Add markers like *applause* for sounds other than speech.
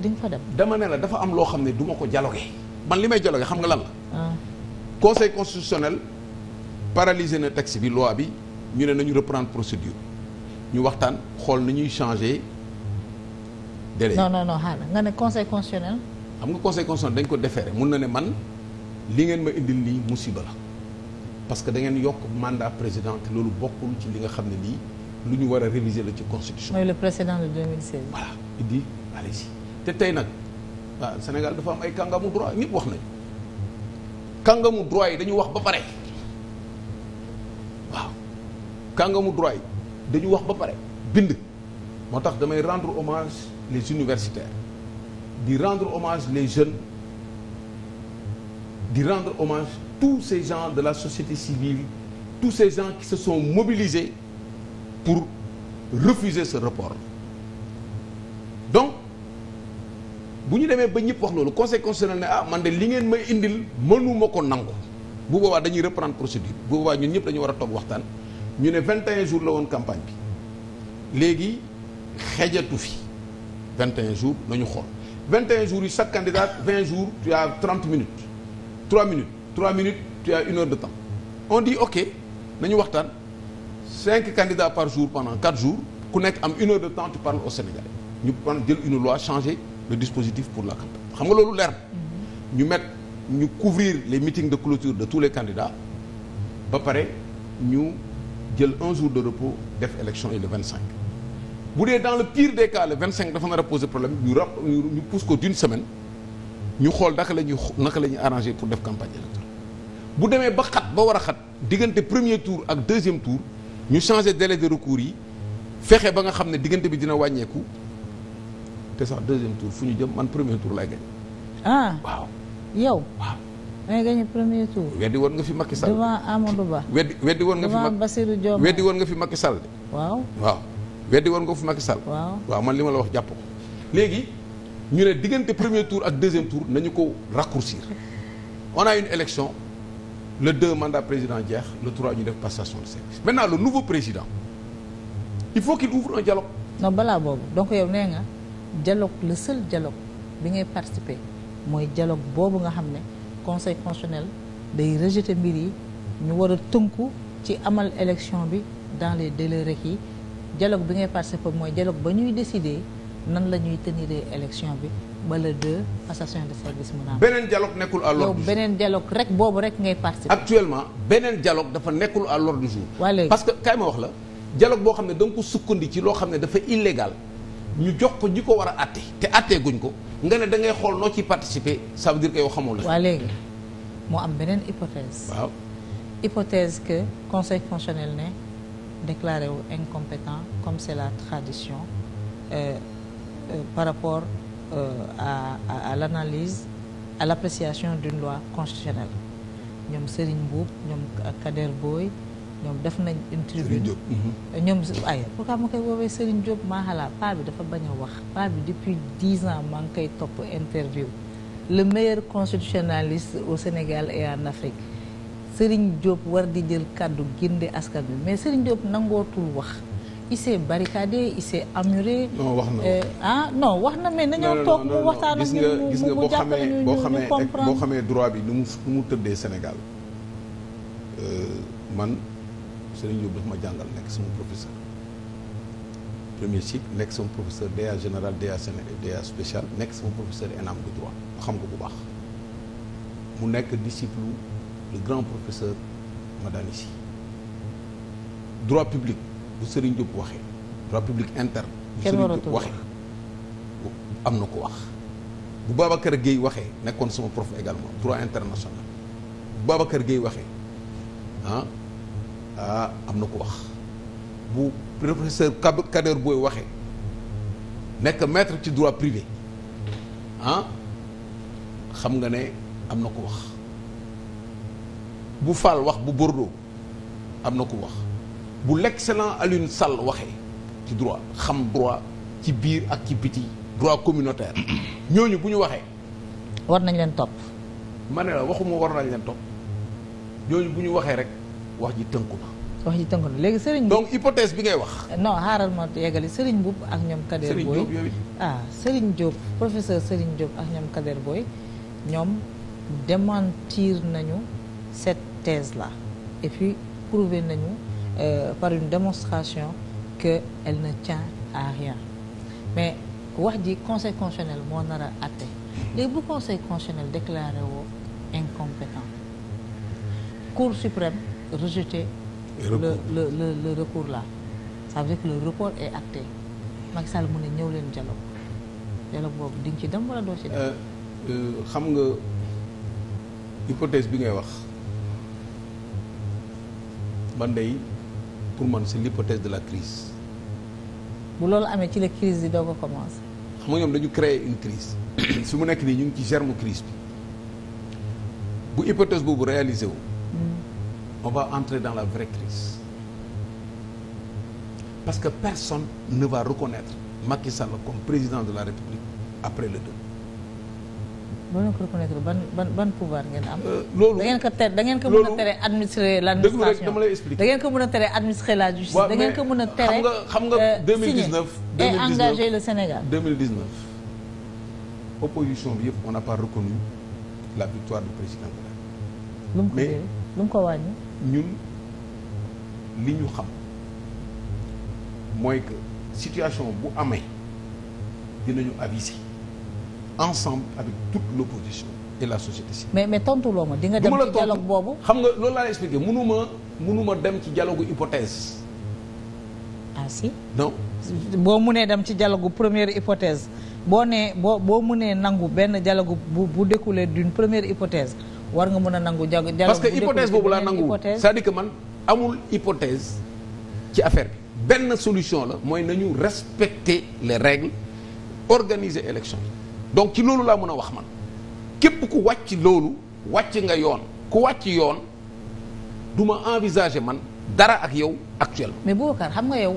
di nga fa dem. dama ne la dafa am loo xam ne duma ma ko dialogué man li may dialogué xam nga lan la. Ah. conseil constitutionnel paralysé na texte bi loi bi ñu ne nañu reprendre procédure ñu waxtaan xool na ñuy changé délai. non non non xaaral nga ne conseil constitutionnel. xam nga conseil constitutionnel dañ ko déféré mun na ne man li ngeen ma indil lii musiba la parce que da ngeen yokk mandat président te loolu bokkul ci li nga xam ne lii lu ñu war a réviser la ci constitution. mooy le précédent de 2016. te tey nag waaw Sénégal dafa am ay kàngamu droit ñëpp wax nañ kàngamu droit yi dañu wax ba pare waaw kàngamu droit yi dañu wax ba pare bind moo tax damay rendre hommage les universitaires di rendre hommage les jeunes di rendre hommage tous ces gens de la société civile tous ces gens qui se sont pour refuser sa report bu ñu demee ba ñëpp wax loolu conseil constitutionnel ne ah man de li ngeen may indil mënuma ko nangu bu boobaa dañuy reprendre procédure bu boobaa ñu ñëpp dañu war a toog waxtaan ñu ne 21 jours la woon campagne bi léegi xejatu fi 21 jours nañu xool 21 jours yi chaque candidat 20 jours tu as 30 minutes 3 minutes 3 minutes une heure de temps on dit ok nañu waxtaan 5 candidats par jour pendant 4 jours ku nekk am une heure de temps tu parles au Sénégal ñu pan jël une loi changée le dispositif pour la campagne xam nga loolu leer mhm. ñu mettre ñu couvrir les meetings de clôture de tous les candidats ba pare ñu jël un jour de repos def élection yi le cinq bu dee dans le pire des cas vingt cinq dafa nar a poser problème ñu ra ñu pousse ko d'une semaine ñu xool naka la ñuy naka la ñuy arrangé pour def campagne électorale bu demee ba xat ba war a xat diggante premier tour ak deuxième tour ñu changé délai de recours yi fexe ba nga xam ne diggante bi dina wàññeeku. te sax deuxième tour fu ñu jëm man premier tour lay gañ ah waaw yow waaw may gagné premier tour weddi woon nga fi Macky Sall devant Amadou Ba weddi weddi woon nga fi devant Bassirou Diomaye weddi woon nga fi Macky Sall waaw waaw weddi woon nga fi Macky sal waaw waaw man li ma la wax jàpp ko léegi ñu ne diggante premier tour ak deuxième tour nañu ko raccourcir on a une élection le deux mandat président jeex le trois ñu def passation de service maintenant le nouveau président il faut qu'il ouvre un dialogue non balaa boobu jaloog le seul dialogue bi ngay participer mooy jaloog boobu nga xam ne conseil constitutionnel day rejeter mbir yi ñu war a tënku ci amal élection bi dans les délais requis dialogue bi ngay participer mooy dialogue ba ñuy décider nan la ñuy teniree élection bi ba le deux passation de service mun a beneen dialogue nekkul à l'ordre du jour beneen dialogue rek boobu rek ngay participer. actuellement beneen jaloog dafa nekkul à l'ordre du jour. parce que kaay ma wax la dialogue boo xam ne da sukkandi ci loo xam ne dafa illégal. ñu jox ko ñi ko war a àtte te àttee guñ ko nga ne da ngay xool noo ciy participer ça veut dire que yow xamul la. léegi moo am beneen hypothèse. waaw hypothèse que conseil constitutionnel ne déclaré wu incompétent comme c'est la tradition euh, euh par rapport a euh, à à, à l'analyse à l'appréciation d'une loi constitutionnelle ñoom Serigne Mboup ñoom Kader booy ñoom def nañ une tribune mm-hmm. ñoom ay pourquoi ma koy woowee Serigne Diop maa paa bi dafa bañ a wax paa bi depuis dix ans maa ngi koy topp interview le meilleur constitutionnaliste au Sénégal et en Afrique Serigne Diop war di jël kàddu gindi askan bi mais Serigne Diop nangootul wax il s'est barricadé il s'est amuré. non wax na euh, ah non wax na mais nañoo toog mu waxtaan ak ñun gis nga boo xamee boo xamee boo xamee droit bi nu mu nu mu tëddee Sénégal euh, man. Serigne Diop dafa ma jàngal nekk sama professeur premier cycle nekk sama professeur DA général DA sénégal DA spécial nekk sama professeur ENAM de droit ma xam nga bu baax mu nekk disciple le grand professeur waxee droit public interne na ko wax bu Babacar Gueye waxee nekkoon sama prof également droit international bu Babacar Gueye waxee ah, ah am na ko wax bu professeur Kader booy waxee nekk maître ci droit privé ah xam nga ne am na ko wax bu Fall wax bu Bordeaux am na ko wax bu lekk l'excellent Alioune Sall waxee ci droit xam droit ci biir ak ci biti droit communautaire *coughs* ñooñu bu ñu waxee. war nañ leen topp. ma ne waxuma war nañ leen topp ñooñu bu ñu waxee rek. wax ji tënku wax ji tënku léegi Serigne. donc hypothèse bi ngay wax. non xaaral ma yeggali Serigne Mboup ak ñoom. Kader Boy ah Serigne Diop professeur Serigne Diop ak ñoom Kader booy ñoom démentir nañu cette thèse là et puis prouver nañu euh, par une démonstration que elle ne tient à rien mais wax ji conseil constitutionnel moo nar a àtte léegi bu conseil constitutionnel déclaré incompétent cour suprême. rejeté le, le, le, le recours là ça veut dire que le report est acté Macky mu ne ñëw leen dialogue dialogue boobu di ci dem wala doo ci dem euh, xam nga hypothèse bi ngay wax man day pour man c'est l'hypothèse de la crise bu loolu amee ci la crise di doog a commencé xam nga ñoom dañu créer une crise *clears throat* su mu nekk nii ñu ngi ci germe crise bi bu hypothèse boobu réalisé wu hmm. on va entrer dans la vraie crise parce que personne ne va reconnaître Macky Sall comme président de la République après le 2. ba nga ko reconnaître ban ban ban pouvoir ngeen am. Euh, loolu da ngeen ko tere da ngeen ko mën a tere administrer l' administration dama lay expliquer. da ngeen ko mën a tere administrer la justice. da ngeen ko mën a tere xam nga xam nga 2019. Euh, et engager le Sénégal 2019 opposition bi yëpp on n'a pas reconnu la victoire du président de la République. mais. lu mu ko wàññi. ñun li ñu xam mooy que situation bu amee dinañu aviser ensemble avec toute l'opposition et la société civile. mais mais tontuloo ma di nga dem ci dialogue boobu. xam nga loolu laa lay ma mënu dem ci dialogue hypothèse. ah si. boo mënee dem ci dialogue première hypothèse boo nee boo boo mënee nangu benn dialogue bu bu découlé d'une première hypothèse. war nga mën a nangu dialogue parce que hypothèse boobu laa nangu cest à man amul hypothèse ci affaire bi benn solution la mooy nañu respecter les règles organiser élection donc ci loolu laa mën a wax man képp ku wàcc loolu wàcc nga yoon ku wàcc yoon du ma envisager man dara ak yow actuellement mais Boubacar xam nga yow